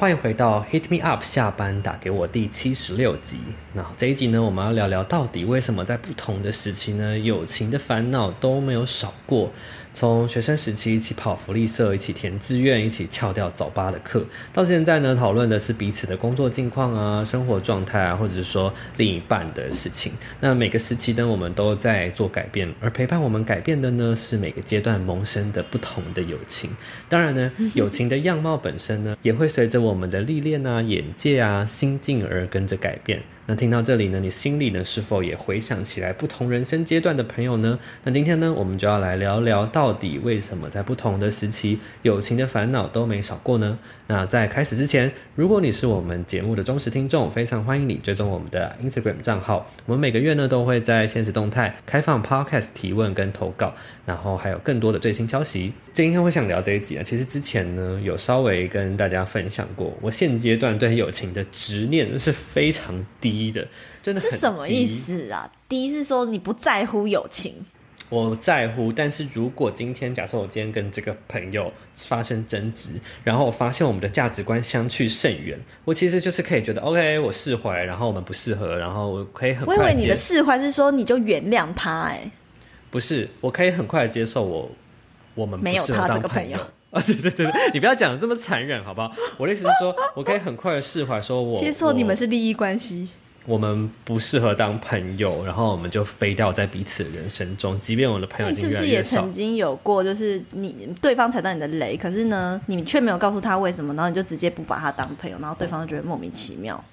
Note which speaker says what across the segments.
Speaker 1: 歡迎回到 Hit Me Up 下班打給我第七十六集。那這一集呢，我們要聊聊到底為什麼在不同的時期呢，友情的煩惱都沒有少過。從學生時期一起跑福利社，一起填志願，一起翹掉早八的課，到現在呢，討論的是彼此的工作近況啊、生活狀態啊，或者是說另一半的事情。那每個時期呢，我們都在做改變，而陪伴我們改變的呢，是每個階段萌生的不同的友情。當然呢， 友情的樣貌本身呢，也會隨着我們的歷練啊、眼界啊、心境而跟着改變。那聽到這裡呢，你心裡呢是否也回想起來不同人生階段的朋友呢？那今天呢，我們就要來聊聊到底為什麼在不同的時期，友情的煩惱都沒少過呢？那在開始之前，如果你是我們節目的忠實聽眾，非常歡迎你追蹤我們的 Instagram 賬號。我們每個月呢都會在限時動態開放 Podcast 提問跟投稿，然後還有更多的最新消息。今天我會想聊這一集啊。其實之前呢有稍微跟大家分享過，我現階段對友情的執念是非常低。低的，真的是什麼意思
Speaker 2: 啊？第一是說你不在乎友情，
Speaker 1: 我在乎。但是如果今天假設我今天跟這個朋友發生爭執，然後我發現我們的價值觀相去甚遠，我其實就是可以覺得 OK，我釋懷，然後我們不適合，然後我可以很。我以為你的釋
Speaker 2: 懷是說你就原諒他，哎，
Speaker 1: 不是，我可以很快接受我我們沒有他這個朋友啊、哦！對對對，你不要講的 這麼殘忍，好不好？我的意思是說，我可以很快的釋懷，說我 接受你們
Speaker 2: 是利益關係。
Speaker 1: 我們不適合當朋友，然後我們就飛掉在彼此的人生中。即便我的朋友越來越少，你是不是也曾
Speaker 2: 經有過，就是你對方踩到你的雷，可是呢，你卻沒有告訴他為什麼，然後你就直接不把他當朋友，然後對方就覺得莫名其妙。哦。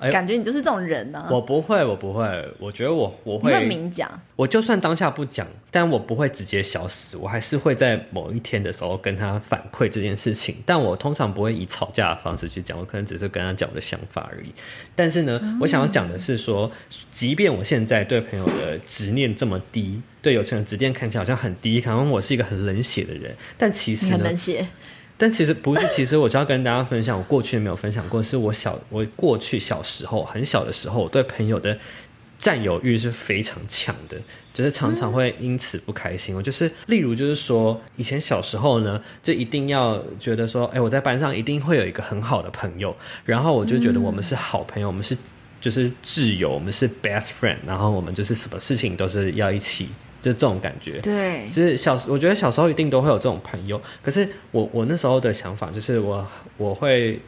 Speaker 2: 哎、感覺你就是這種人呢、啊。我
Speaker 1: 不會，我不會。我覺得我我會明講。我就算當下不講，但我不會直接消失。我還是會在某一天的時候跟他反饋這件事情。但我通常不會以吵架的方式去講，我可能只是跟他講我的想法而已。但是呢，嗯、我想要講的是說，即便我現在對朋友的執念這麼低，對友情的執念看起來好像很低，可能我是一個很冷血的人，但其實呢，你很冷血。但其實不是，其實我是要跟大家分享，我過去沒有分享過，是我小我過去小時候很小的時候，我對朋友的占有欲是非常強的，就是常常會因此不開心。我就是例如就是說，以前小時候呢，就一定要覺得說，哎、欸，我在班上一定會有一個很好的朋友，然後我就覺得我們是好朋友，我們是就是摯友，我們是 best friend，然後我們就是什麼事情都是要一起。就這種感覺，對，就是小，我覺得小時候一定都會有這種朋友。可是我，我那時候的想法就是我，我我會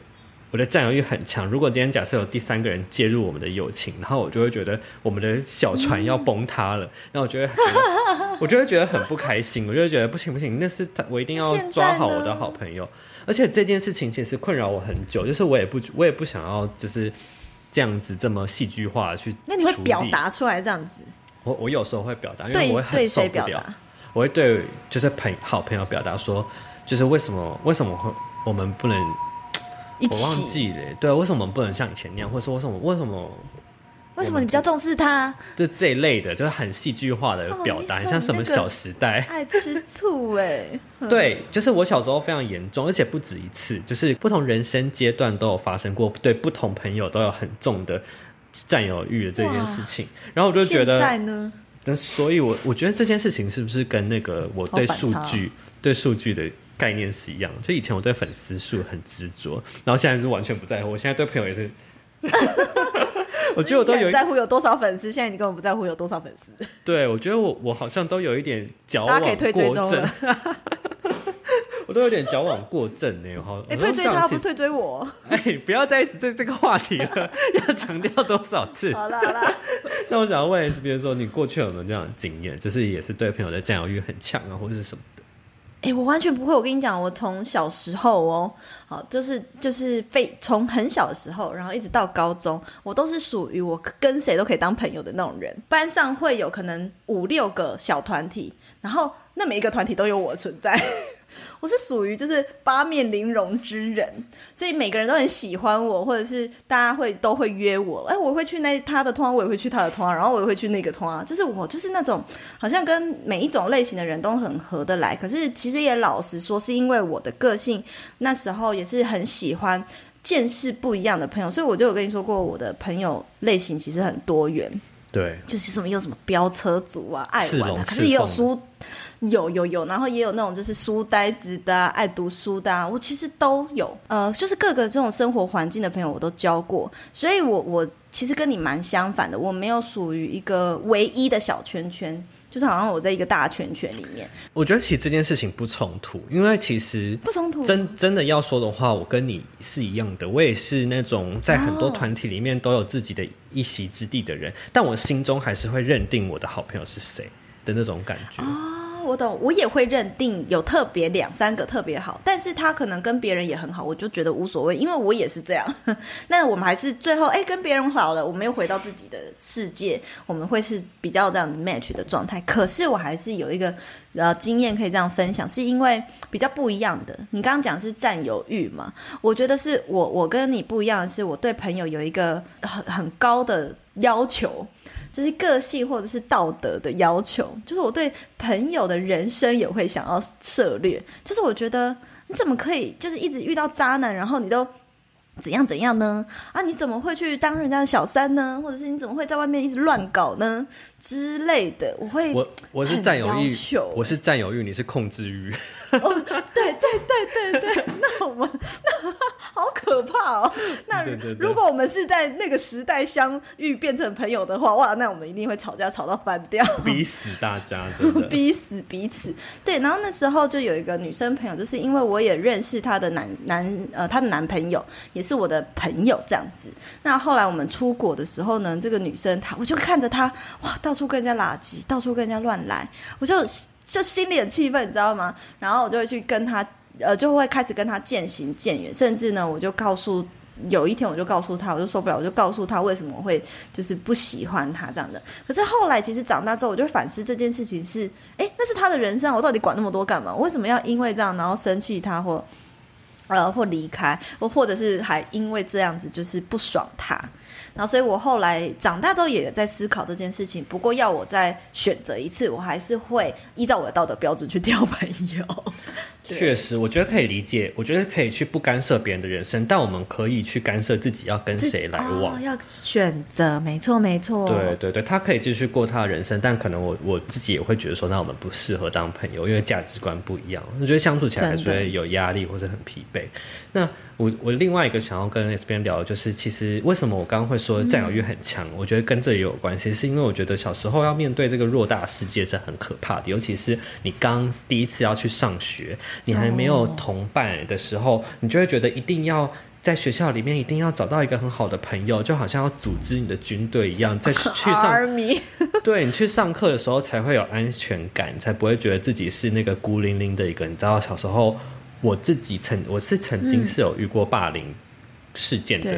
Speaker 1: 我的佔有欲很強。如果今天假設有第三個人介入我們的友情，然後我就會覺得我們的小船要崩塌了，然後、嗯、我覺得， 我就會覺得很不開心，我就會覺得不行不行，那是我一定要抓好我的好朋友。而且這件事情其實困擾我很久，就是我也不我也不想要就是這樣子這麼戲劇化去，那你會表達
Speaker 2: 出來這樣子。
Speaker 1: 我我有時候會表達，因為我會很受不了，對誰表達？我會對就是朋好朋友表達說，就是為什麼為什麼會我們不能一起我忘記了，對，為什麼不能像以前那樣？或者說為什麼為什麼
Speaker 2: 為什麼你比較重視他？
Speaker 1: 就這一類的，就是很戲劇化的表達，哦、很很像什麼《小時代》。愛
Speaker 2: 吃醋哎。 對，
Speaker 1: 就是我小時候非常嚴重，而且不止一次，就是不同人生階段都有發生過，對不同朋友都有很重的。佔有欲的這件事情，哇然後我就覺得，在呢所以我，我我覺得這件事情是不是跟那個我對數據、哦、對數據的概念是一樣？就以前我對粉絲數很執着，然後現在是完全不在乎。我現在對朋友也是， 我覺得我都有一在
Speaker 2: 乎有多少粉絲。現在你根本不在乎有多少粉絲。
Speaker 1: 對，我覺得我我好像都有一點矯枉過正，可以退追蹤了 我都有點矯枉過正哎、欸，欸、好，哎，退追他不
Speaker 2: 退追我？
Speaker 1: 哎、 欸，不要再這這個話題了， 要強調多少次？ 好啦好啦， 那我想要問一次， 比如說你過去有沒有這樣的經驗，就是也是對朋友的占有欲很強啊，或者是什麼的？
Speaker 2: 哎、欸，我完全不會。我跟你講，我從小時候哦，好，就是就是非從很小的時候，然後一直到高中，我都是屬於我跟誰都可以當朋友的那種人。班上會有可能五六個小團體，然後那每一個團體都有我的存在。 我是屬於就是八面玲瓏之人，所以每個人都很喜歡我，或者是大家會都會約我。哎、欸，我會去那他的通，我也會去他的通，然後我也會去那個通。就是我就是那種好像跟每一種類型的人都很合得來，可是其實也老實說，是因為我的個性那時候也是很喜歡見識不一樣的朋友，所以我就有跟你說過，我的朋友類型其實很多元。對，就是什麼又有什麼飆車族啊，愛玩的，是種可是也有書，種有有有，然後也有那種就是書呆子的、啊，愛讀書的、啊，我其實都有，呃，就是各個這種生活環境的朋友我都交過，所以我我其實跟你蠻相反的，我沒有屬於一個唯一的小圈圈。就是好像我在一個大圈圈裡面，
Speaker 1: 我覺得其實這件事情不衝突，因為其實不衝突，真真的要說的話，我跟你是一樣的，我也是那種在很多團體裡面都有自己的一席之地的人，哦、但我心中還是會認定我的好朋友是誰的那種感覺。哦
Speaker 2: 我懂，我也會認定有特別兩三個特別好，但是他可能跟別人也很好，我就覺得無所謂，因為我也是這樣。那我們還是最後，誒、欸，跟別人好了，我們又回到自己的世界，我們會是比較這樣子 match 的狀態。可是我還是有一個呃經驗可以這樣分享，是因為比較不一樣的。你剛剛講是佔有欲嘛？我覺得是我我跟你不一樣，是我對朋友有一個很很高的要求。就是個性或者是道德的要求，就是我對朋友的人生也會想要涉獵。就是我覺得你怎麼可以，就是一直遇到渣男，然後你都。怎樣怎樣呢？啊，你怎麼會去當人家的小三呢？或者是你怎麼會在外面一直亂搞呢之類的？我會，我我是占有欲，
Speaker 1: 我是占有欲，你是控制欲。哦，
Speaker 2: 對對對對對。那我們，那好可怕哦。
Speaker 1: 那如果如果我
Speaker 2: 們是在那個時代相遇變成朋友的話，哇，那我們一定會吵架吵到翻掉，逼
Speaker 1: 死大家，
Speaker 2: 逼死彼此。對，然後那時候就有一個女生朋友，就是因為我也認識她的男男呃她的男朋友。也是我的朋友這樣子，那後來我們出國的時候呢，這個女生她，我就看着她，哇，到處跟人家垃圾，到處跟人家亂來，我就就心裡很氣憤，你知道嗎？然後我就會去跟她，呃，就會開始跟她漸行漸遠，甚至呢，我就告訴，有一天我就告訴她，我就受不了，我就告訴她為什麼我會就是不喜歡她這樣的。可是後來其實長大之後，我就反思這件事情是，欸，那是她的人生，我到底管那麼多幹嘛？我為什麼要因為這樣然後生氣她或？呃，或離開，或或者是還因為這樣子就是不爽他，然後所以我後來長大之後也在思考這件事情。不過要我再選擇一次，我還是會依照我的道德標準去挑朋友。
Speaker 1: 確實，我覺得可以理解，我覺得可以去不干涉別人的人生，但我們可以去干涉自己要跟誰來往，哦、
Speaker 2: 要選擇。沒錯，沒錯。對
Speaker 1: 對對，他可以繼續過他的人生，但可能我我自己也會覺得說，那我們不適合當朋友，因為價值觀不一樣，我覺得相處起來所以有壓力或者很疲憊。那我我另外一個想要跟 S 編、嗯、聊的就是，其實為什麼我剛剛會說佔有欲很強？嗯、我覺得跟這也有關係，是因為我覺得小時候要面對這個偌大的世界是很可怕的，尤其是你剛第一次要去上學，你還沒有同伴的時候，哦、你就會覺得一定要在學校裡面一定要找到一個很好的朋友，就好像要組織你的軍隊一樣，再、嗯、去，去上，Army 對，你去上課的時候才會有安全感，才不會覺得自己是那個孤零零的一個你知道小時候。我自己曾我是曾經是有遇過霸凌事件的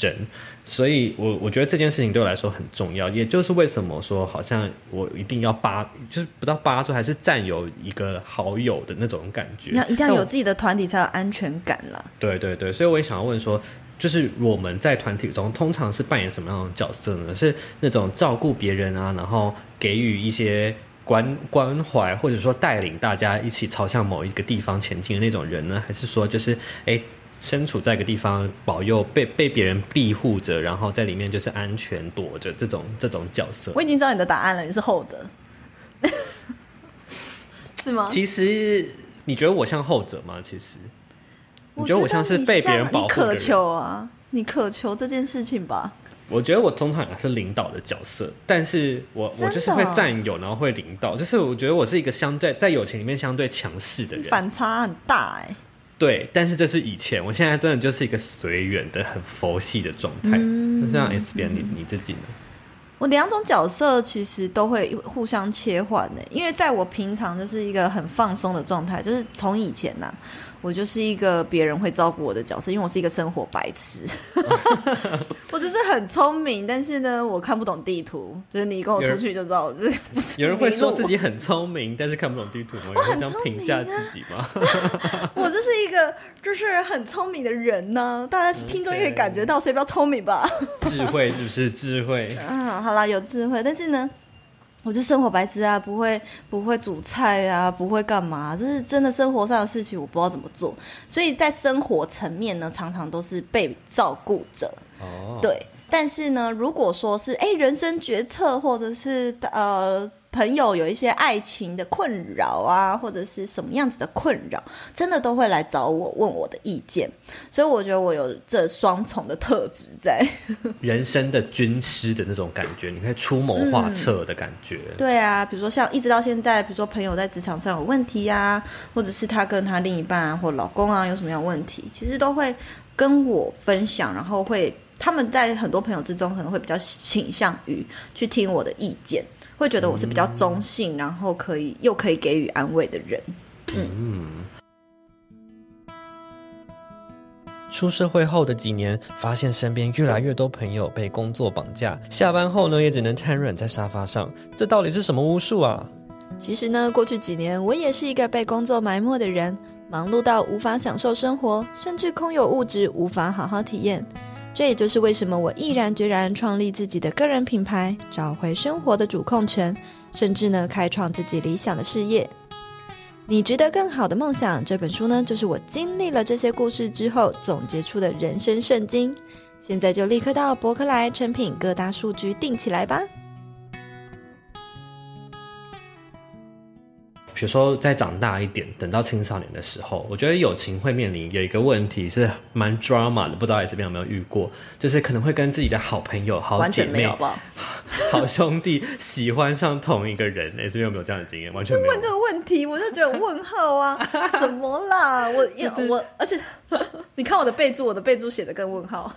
Speaker 1: 人，嗯、所以我我覺得這件事情對我來說很重要，也就是為什麼說好像我一定要八，就是不知道八出還是占有一個好友的那種感覺，要一定要有自己
Speaker 2: 的團體才有安全感啦。
Speaker 1: 對對對，所以我也想要問說，就是我們在團體中通常是扮演什麼樣的角色呢？是那種照顧別人啊，然後給予一些。關關懷或者說帶領大家一起朝向某一個地方前進的那種人呢？還是說就是哎，身處在一個地方，保佑被被別人庇護着，然後在裡面就是安全躲着這種這種角色？我已經知
Speaker 2: 道你的答案了，你是後者， 是嗎？其
Speaker 1: 實你覺得我像後者嗎？其實你覺得我像是被別人保護的人？你渴求
Speaker 2: 啊，你渴求這件事情吧。
Speaker 1: 我覺得我通常也是領導的角色，但是我的我就是會佔有，然後會領導，就是我覺得我是一個相對在友情裡面相對強勢的人，反
Speaker 2: 差很大哎、欸。
Speaker 1: 對，但是這是以前，我現在真的就是一個隨緣的、很佛系的狀態。嗯， 像 S,、嗯、S, S 編,你你自己呢？
Speaker 2: 我兩種角色其實都會互相切換的、欸，因為在我平常就是一個很放鬆的狀態，就是從以前呢、啊。我就是一個別人會照顧我的角色，因為我是一個生活白痴， 我就是很聰明，但是呢，我看不懂地圖。就是你跟我出去就知道我是。是有人會說自己
Speaker 1: 很聰明，但是看不懂地圖嗎？我很聰明，啊，有評價自己嗎？
Speaker 2: 我就是一個就是很聰明的人呢，啊，大家聽眾也可以感覺到誰比較聰明吧？
Speaker 1: 智慧，是不是智慧？嗯、
Speaker 2: 啊，好啦，有智慧，但是呢。我就生活白痴啊，不會不會煮菜啊，不會幹嘛啊，就是真的生活上的事情我不知道怎麼做，所以在生活層面呢，常常都是被照顧着。對。但是呢，如果說是，誒，人生決策或者是呃。朋友有一些愛情的困擾啊，或者是什麼樣子的困擾，真的都會來找我問我的意見。所以我覺得我有這雙重的特質在，
Speaker 1: 人生的軍師的那種感覺，你可以出謀劃策的感覺。嗯，對
Speaker 2: 啊，比如說像一直到現在，比如說朋友在職場上有問題啊，或者是他跟他另一半啊或老公啊有什麼樣的問題，其實都會跟我分享，然後會他們在很多朋友之中可能會比較傾向於去聽我的意見。會覺得我是比較中性，嗯、然後可以又可以給予安慰的人。
Speaker 1: 嗯。出社會後的幾年，發現身邊越來越多朋友被工作綁架，下班後呢，也只能癱軟在沙發上。這到底是什麼巫術啊？
Speaker 2: 其實呢，過去幾年我也是一個被工作埋沒的人，忙碌到無法享受生活，甚至空有物質無法好好體驗。這也就是為什麼我毅然決然創立自己的個人品牌，找回生活的主控權，甚至呢開創自己理想的事業。你值得更好的夢想這本書呢，就是我經歷了這些故事之後總結出的人生聖經。現在就立刻到博客來、誠品各大書局訂起來吧。
Speaker 1: 比如說，再長大一點，等到青少年的時候，我覺得友情會面臨有一個問題是蠻 drama 的，不知道 S 編有沒有遇過，就是可能會跟自己的好朋友、好姐妹、好、好、好兄弟喜歡上同一個人。S 編、 欸、有沒有這樣的經驗？完全沒有。
Speaker 2: 問這個問題，我就覺得問號啊， 什麼啦？我是是我，我而且 你看我的備註，我的備註寫的跟問號。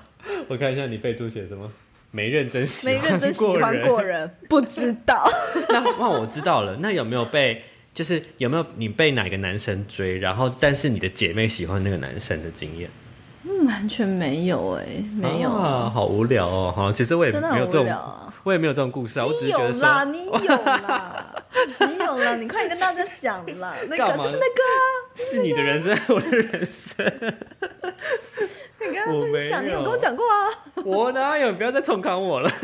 Speaker 1: 我看一下你備註寫什麼？沒認真，沒認真喜歡過人，過
Speaker 2: 人 不知道。
Speaker 1: 那那我知道了。那有沒有被？就是有沒有你被哪個男生追，然後但是你的姐妹喜歡那個男生的經驗？
Speaker 2: 完全沒有哎、
Speaker 1: 欸，沒有，啊，好無聊哦，哈，其實我也沒有這種真的很無聊、啊，我也沒有這種故事啊，我只覺得，你有啦，你有啦，你有
Speaker 2: 啦，你快點跟大家講啦，那個嘛就是那個、啊，就是
Speaker 1: 那個啊、是你的人生，我的人生。 我沒有你想，你有跟我講過啊！我哪有？ 不要再重考我
Speaker 2: 了！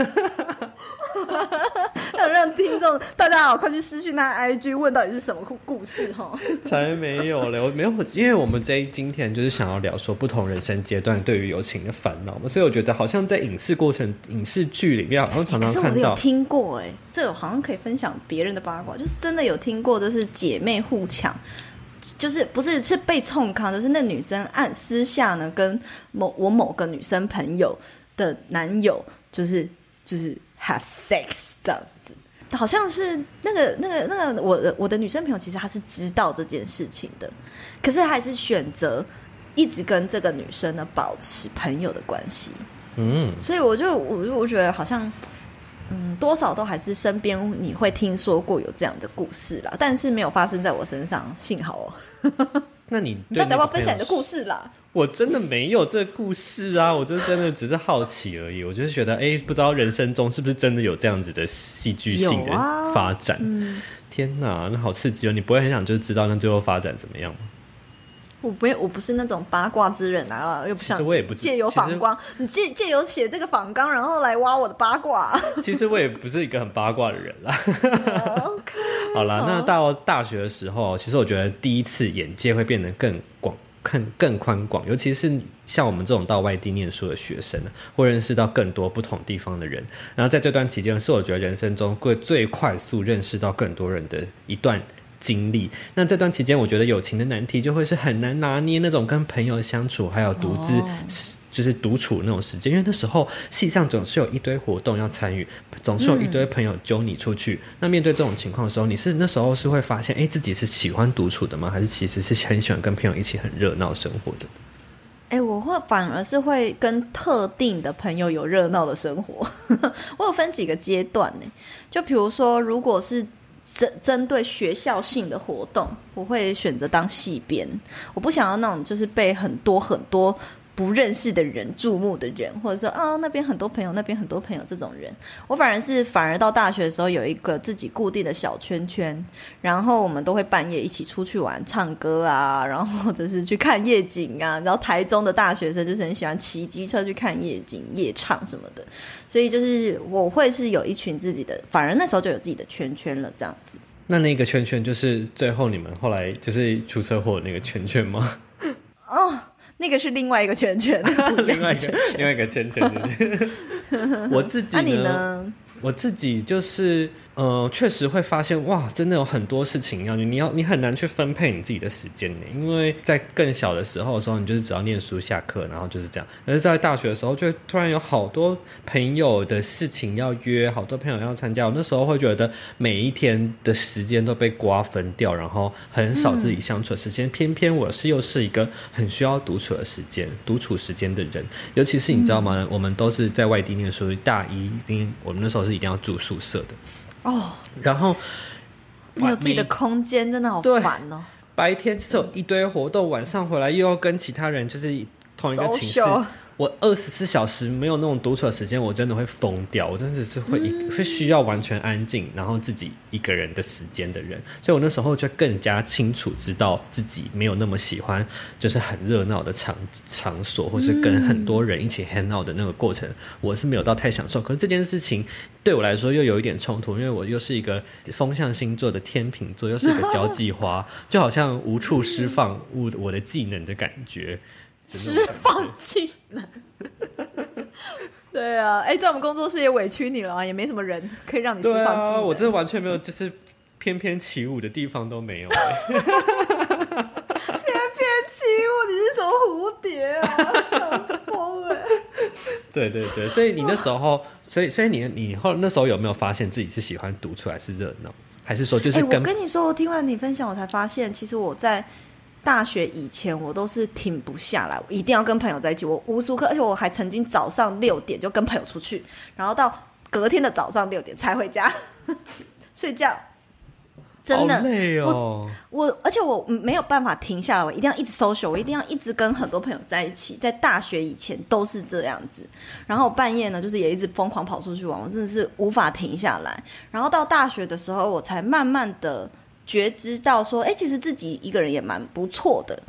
Speaker 2: 要讓聽眾大家好，快去私訊他 IG 問到底是什麼故事哈！
Speaker 1: 才沒有了， 我沒有，因為我們這今天就是想要聊說不同人生階段對於友情的煩惱嘛，所以我覺得好像在影視過程、影視劇裡面好像常常看到。欸、是我有聽
Speaker 2: 過哎、欸，這好像可以分享別人的八卦，就是真的有聽過，就是姐妹互搶。就是不是是被沖康，就是那女生暗私下呢跟某我某個女生朋友的男友，就是就是 have sex 這樣子，好像是那個那個那個我我的女生朋友其實她是知道這件事情的，可是她還是選擇一直跟這個女生呢保持朋友的關係，
Speaker 1: 嗯，
Speaker 2: 所以我就我我覺得好像。嗯，多少都還是身邊你會聽說過有這樣的故事啦。但是沒有發生在我身上，幸好哦。
Speaker 1: 那你那要不要分享你的故事啦？我真的沒有這個故事啊，我就真的只是好奇而已。我就是覺得，哎、欸，不知道人生中是不是真的有這樣子的戲劇性的發展。啊嗯、天哪，那好刺激哦！你不會很想就是知道那最後發展怎麼樣？
Speaker 2: 我不，我不是那種八卦之人啊，又不想借由訪綱，你借借由寫這個訪綱，然後來挖我的八卦。
Speaker 1: 其實我也不是一個很八卦的人啦。 OK，好啦。好，那到大學的時候，其實我覺得第一次眼界會變得更廣，更更寬廣，尤其是像我們這種到外地念書的學生，會認識到更多不同地方的人。然後在這段期間，是我覺得人生中會最快速認識到更多人的一段。經歷那這段期間，我覺得友情的難題就會是很難拿捏那種跟朋友相處，還有獨自、哦、是就是獨處那種時間。因為那時候，系上總是有一堆活動要參與，總是有一堆朋友揪你出去。嗯、那面對這種情況的時候，你是那時候是會發現，哎、欸，自己是喜歡獨處的嗎？還是其實是很喜歡跟朋友一起很熱鬧生活的？哎、
Speaker 2: 欸，我會反而是會跟特定的朋友有熱鬧的生活。 我有分幾個階段呢、欸？就比如說，如果是。針針對學校性的活動，我會選擇當戲編。我不想要那種就是被很多很多。不認識的人，注目的人，或者說啊，那邊很多朋友，那邊很多朋友，這種人，我反而是反而到大學的時候有一個自己固定的小圈圈，然後我們都會半夜一起出去玩唱歌啊，然後或者是去看夜景啊，然後台中的大學生就是很喜歡騎機車去看夜景、夜唱什麼的，所以就是我會是有一群自己的，反而那時候就有自己的圈圈了，這樣子。
Speaker 1: 那那個圈圈就是最後你們後來就是出車禍的那個圈圈嗎？
Speaker 2: 哦。那個是另外一個圈圈，另外一個圈圈，
Speaker 1: 另外一個圈圈。
Speaker 2: 我自己呢？ 啊、你呢？
Speaker 1: 我自己就是。呃，確實會發現哇，真的有很多事情要你，你要你很難去分配你自己的時間，因為在更小的時候的時候，你就是只要念書、下課，然後就是這樣。但是在大學的時候，就突然有好多朋友的事情要約，好多朋友要參加。我那時候會覺得每一天的時間都被瓜分掉，然後很少自己相處的時間。嗯、偏偏我是又是一個很需要獨處的時間、獨處時間的人，尤其是你知道嗎？嗯、我們都是在外地念書，大一一定，我們那時候是一定要住宿舍的。哦，然後沒有自己的
Speaker 2: 空間沒真的好煩哦。
Speaker 1: 白天做一堆活動，嗯、晚上回來又要跟其他人就是同一個寢室。我二十四小時沒有那種獨處的時間，我真的會瘋掉。我真的是會會需要完全安靜，然後自己一個人的時間的人。所以我那時候就更加清楚知道自己沒有那麼喜歡，就是很熱鬧的場場所，或是跟很多人一起 hang out 的那個過程，我是沒有到太享受。可是這件事情對我來說又有一點衝突，因為我又是一個風象星座的天秤座，又是一個交際花，就好像無處釋放我我的技能的感覺。
Speaker 2: 釋放技能， 對啊，哎、欸，在我們工作室也委屈你了，啊，也沒什麼人可以讓你釋放技能。啊、我
Speaker 1: 真的完全沒有，就是翩翩起舞的地方都沒有，
Speaker 2: 欸。 翩翩起舞，你是什麼蝴蝶啊？瘋了， 欸！
Speaker 1: 對對對，所以你那時候， 所以所以你你後那時候有沒有發現自己是喜歡讀出來是熱鬧，還是說就是、欸？我跟你
Speaker 2: 說，我聽完你分享，我才發現，其實我在。大學以前，我都是停不下來，我一定要跟朋友在一起。我無時無刻，而且我還曾經早上六點就跟朋友出去，然後到隔天的早上六點才回家，呵呵，睡覺。真的，哦、我我而且我沒有辦法停下來，我一定要一直 social，我一定要一直跟很多朋友在一起。在大學以前都是這樣子，然後半夜呢，就是也一直瘋狂跑出去玩，我真的是無法停下來。然後到大學的時候，我才慢慢的，覺知到說，欸，其實自己一個人也蠻不錯的。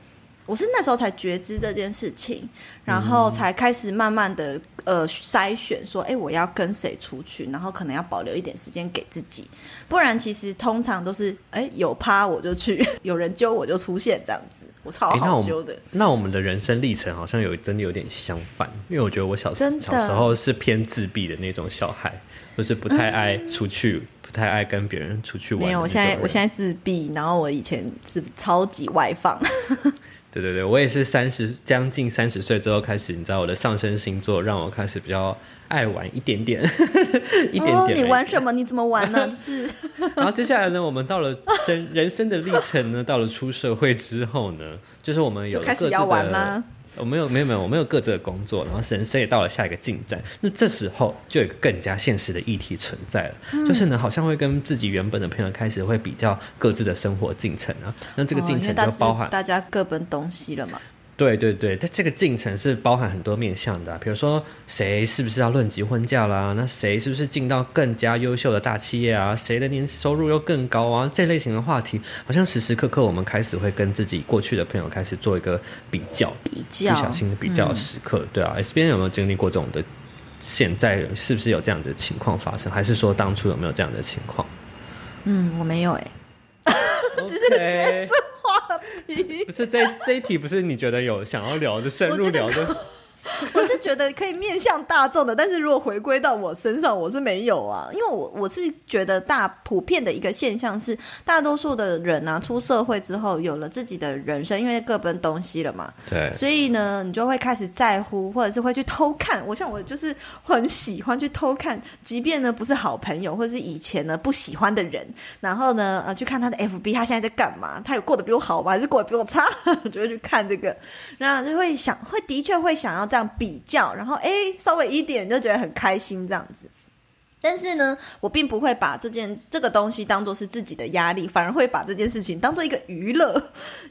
Speaker 2: 我是那時候才覺知這件事情，然後才開始慢慢的呃篩選，說，欸，我要跟誰出去，然後可能要保留一點時間給自己，不然其實通常都是，欸，有趴我就去，有人揪我就出現這樣子，我超好揪的。欸，那我們，
Speaker 1: 那我們的人生歷程好像有真的有點相反，因為我覺得我小，小時候是偏自閉的那種小孩，就是不太愛出去，嗯。太愛跟別人出去玩。沒有，我現在我現
Speaker 2: 在自閉，然後我以前是超級外放。
Speaker 1: 對對對，我也是三十將近三十歲之後開始，你知道我的上升星座讓我開始比較愛玩一點點， 一點點，一點。哦，你玩
Speaker 2: 什麼？你怎麼玩呢、啊？就是。
Speaker 1: 然後接下來呢，我們到了生人生的歷程呢， 到了出社會之後呢，就是我們有開始要玩了。我沒有沒有沒有，我沒有各自的工作，然後人生也到了下一個進展。那這時候就有一個更加現實的議題存在了，嗯、就是呢，好像會跟自己原本的朋友開始會比較各自的生活進程啊。那這個進程就包含、哦、大，大
Speaker 2: 家各奔東西了嘛。
Speaker 1: 對對對，但這個進程是包含很多面向的，啊，比如說誰是不是要論及婚嫁啦，啊，那誰是不是進到更加優秀的大企業啊，誰的年收入又更高啊，這類型的話題，好像時時刻刻我們開始會跟自己過去的朋友開始做一個比較，比較，不小心的比較的時刻，嗯、對啊，S 編有沒有經歷過這種的？現在是不是有這樣子的情況發生，還是說當初有沒有這樣的情況？
Speaker 2: 嗯，我沒有哎、
Speaker 1: 欸，只是結束。 不是這一 這一題，不是你覺得有想要聊的深入聊的。
Speaker 2: 我是覺得可以面向大眾的，但是如果回歸到我身上，我是沒有啊，因為我我是覺得大普遍的一個現象是，大多數的人啊，出社會之後有了自己的人生，因為各奔東西了嘛，對，所以呢，你就會開始在乎，或者是會去偷看。我像我就是很喜歡去偷看，即便呢不是好朋友，或是以前呢不喜歡的人，然後呢呃去看他的 FB，他現在在幹嘛？他有過得比我好嗎？還是過得比我差？ 就會去看這個，然後就會想，會的確會想要這樣。比較，然後哎、欸，稍微一點就覺得很開心，這樣子。但是呢，我並不會把這件這個東西當做是自己的壓力，反而會把這件事情當做一個娛樂。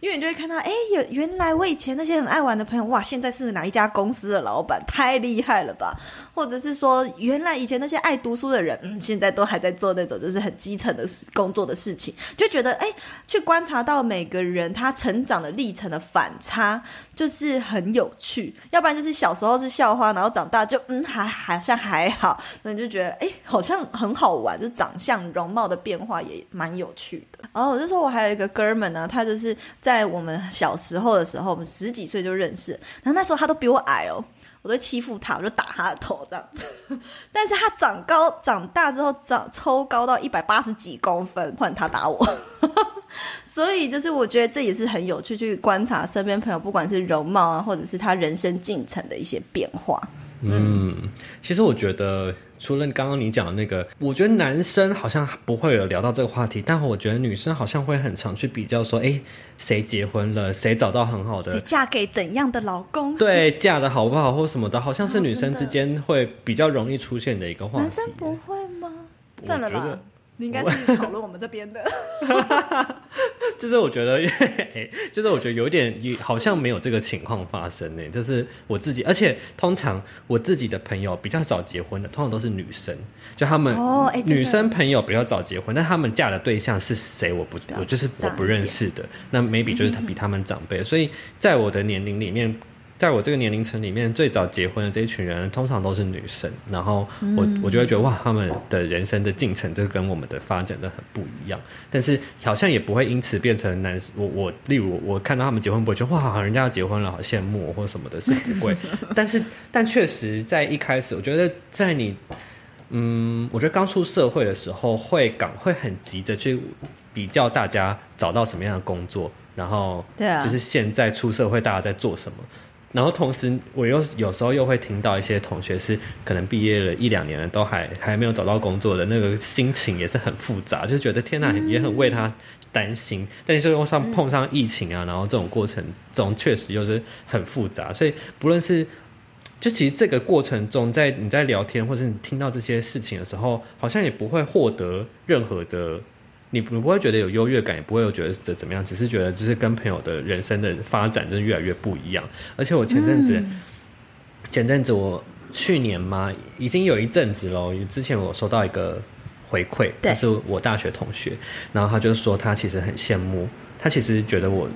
Speaker 2: 因為你就會看到，誒、原來我以前那些很愛玩的朋友，哇，現在是哪一家公司的老板，太厲害了吧？或者是說，原來以前那些愛讀書的人，嗯，現在都還在做那種就是很基層的工作的事情，就覺得，誒，去觀察到每個人他成長的歷程的反差，就是很有趣。要不然就是小時候是校花，然後長大就，嗯，還好像還好，那你就覺得，誒。好像很好玩，就是長相容貌的變化也蠻有趣的。然、oh, 後我就說，我還有一個哥們呢，他就是在我們小時候的時候，我們十幾歲就認識了。然後那時候他都比我矮哦，我都欺負他，我就打他的頭這樣子。但是他長高長大之後，長抽高到一百八十幾公分，換他打我。 所以就是我覺得這也是很有趣，去觀察身邊朋友，不管是容貌啊，或者是他人生進程的一些
Speaker 1: 變化。嗯，其實我覺得除了剛剛你講的那個，我覺得男生好像不會有聊到這個話題，但我覺得女生好像會很常去比較說，哎，誰結婚了，誰找到很好的，誰
Speaker 2: 嫁給怎樣的老公，對，
Speaker 1: 嫁得好不好或什麼的，好像是女生之間會比較容易出現的一個話題，男生
Speaker 2: 不會嗎？算了吧。你應
Speaker 1: 該是討論我們這邊的， 就是我覺得、欸，就是我覺得有點好像沒有這個情況發生呢、欸。就是我自己，而且通常我自己的朋友比較早結婚的，通常都是女生，就他們女生朋友比較早結婚，哦欸、但他們嫁的對象是誰？我不，我就是我不認識的。大大那 maybe 就是他比他們長輩，嗯、哼哼所以在我的年齡裡面。在我這個年齡層裡面，最早結婚的這一群人，通常都是女生。然後我我就會覺得哇，他們的人生的進程，就跟我們的發展的很不一樣。但是好像也不會因此變成男。我我例如我看到他們結婚，不會覺得哇，人家要結婚了，好羨慕或什麼的，是不會。 但是但確實在一開始，我覺得在你嗯，我覺得剛出社會的時候會，會趕會很急着去比較大家找到什麼樣的工作，然後對啊，就是現在出社會大家在做什麼。然後同時，我又有時候又會聽到一些同學是可能畢業了一兩年了，都還還沒有找到工作的，那個心情也是很複雜，就是覺得天吶，也很為他擔心。嗯、但是又碰上疫情啊，然後這種過程中確實又是很複雜，所以不論是就其實這個過程中，在你在聊天或是你聽到這些事情的時候，好像也不會獲得任何的。你不會覺得有優越感，也不會有覺得怎麼樣，只是覺得就是跟朋友的人生的發展真的越來越不一樣。而且我前陣子，嗯、前陣子我去年嘛，已經有一陣子了。之前我收到一個回饋，是我大學同學，對然後他就說他其實很羨慕，他其實覺得我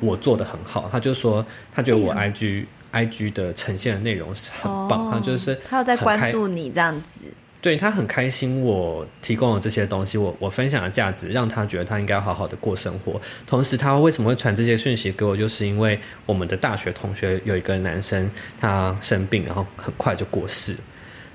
Speaker 1: 我做的很好。他就說他覺得我 I G、嗯、I G 的呈現的內容是很棒，哦、他就是他有在關注
Speaker 2: 你這樣子。
Speaker 1: 對他很開心，我提供了這些東西我，我我分享的價值，讓他覺得他應該要好好的過生活。同時，他為什麼會傳這些訊息給我，就是因為我們的大學同學有一個男生，他生病，然後很快就過世，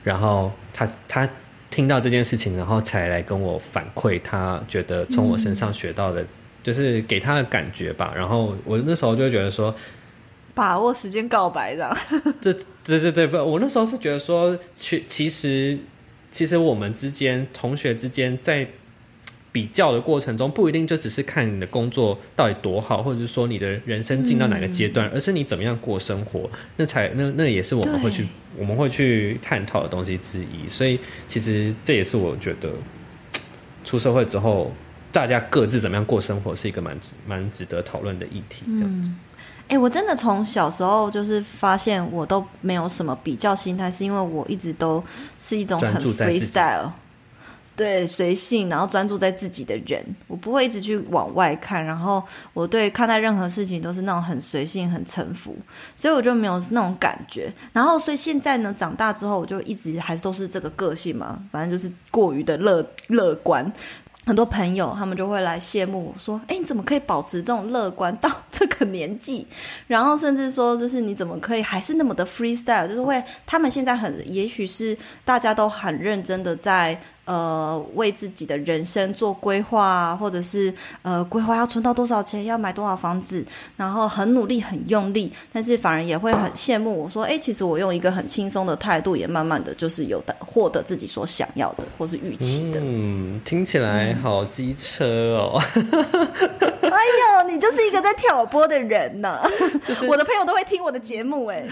Speaker 1: 然後他他聽到這件事情，然後才來跟我反饋，他覺得從我身上學到的，嗯、就是給他的感覺吧。然後我那時候就覺得說，
Speaker 2: 把握時間告白這樣，
Speaker 1: 這這這對，對，對不，我那時候是覺得說，其其實。其實我們之間同學之間在比較的過程中，不一定就只是看你的工作到底多好，或者是說你的人生進到哪個階段，嗯、而是你怎麼樣過生活，那才那那也是我們會去對我們會去探討的東西之一。所以，其實這也是我覺得出社會之後，大家各自怎麼樣過生活，是一個蠻蠻值得討論的議題。
Speaker 2: 這樣子。嗯哎，我真的從小時候就是發現我都沒有什麼比較心態，是因為我一直都是一種很 freestyle，對，隨性，然後專注在自己的人，我不會一直去往外看，然後我對看待任何事情都是那種很隨性、很沉浮，所以我就沒有那種感覺。然後，所以現在呢，長大之後，我就一直還是都是這個個性嘛，反正就是過於的樂樂觀。很多朋友他們就會來羨慕我說：“哎，你怎麼可以保持這種樂觀到這個年紀？”然後甚至說：“就是你怎麼可以還是那麼的 freestyle？” 就是會他們現在很，也許是大家都很認真的在。呃，為自己的人生做規劃、啊，或者是呃，規劃要存到多少錢，要買多少房子，然後很努力、很用力，但是反而也會很羨慕。我說，誒、欸，其實我用一個很輕鬆的態度，也慢慢的就是有獲得，得自己所想要的，或是預期
Speaker 1: 的。嗯，聽起來好機車哦。
Speaker 2: 你就是一個在挑撥的人呢、啊。就是 我的朋友都會聽我的節目，哎，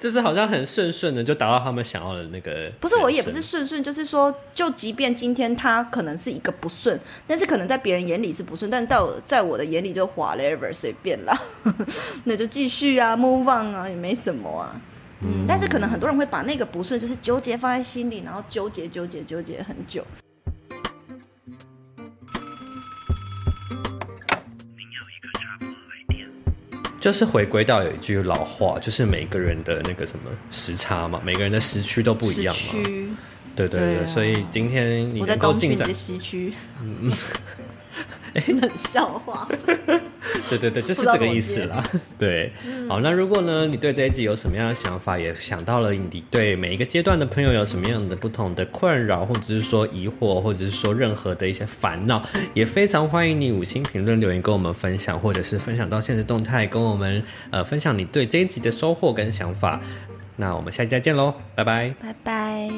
Speaker 1: 就是好像很順順的就達到他們想要的那個。不是，我也不是
Speaker 2: 順順，就是說，就即便今天他可能是一個不順，但是可能在別人眼裡是不順，但到在我的眼裡就 whatever 隨便了， 那就繼續啊，move on 啊，也沒什麼啊。嗯，但是可能很多人會把那個不順就是糾結放在心裡，然後糾結糾結糾結很久。
Speaker 1: 就是回歸到有一句老話，就是每個人的那個什麼時差嘛，每個人的時區都不一樣嘛，時區對對對，對啊，所以今天你能夠進展。嗯嗯
Speaker 2: 哎，冷、欸、笑
Speaker 1: 話。 對對對，就是這個意思啦。對，好，那如果呢，你對這一集有什麼樣的想法，也想到了你對每一個階段的朋友有什麼樣的不同的困擾，或者是說疑惑，或者是說任何的一些煩惱，也非常歡迎你五星評論留言跟我們分享，或者是分享到限時動態跟我們呃分享你對這一集的收穫跟想法。那我們下期再見嘍，拜拜，拜拜。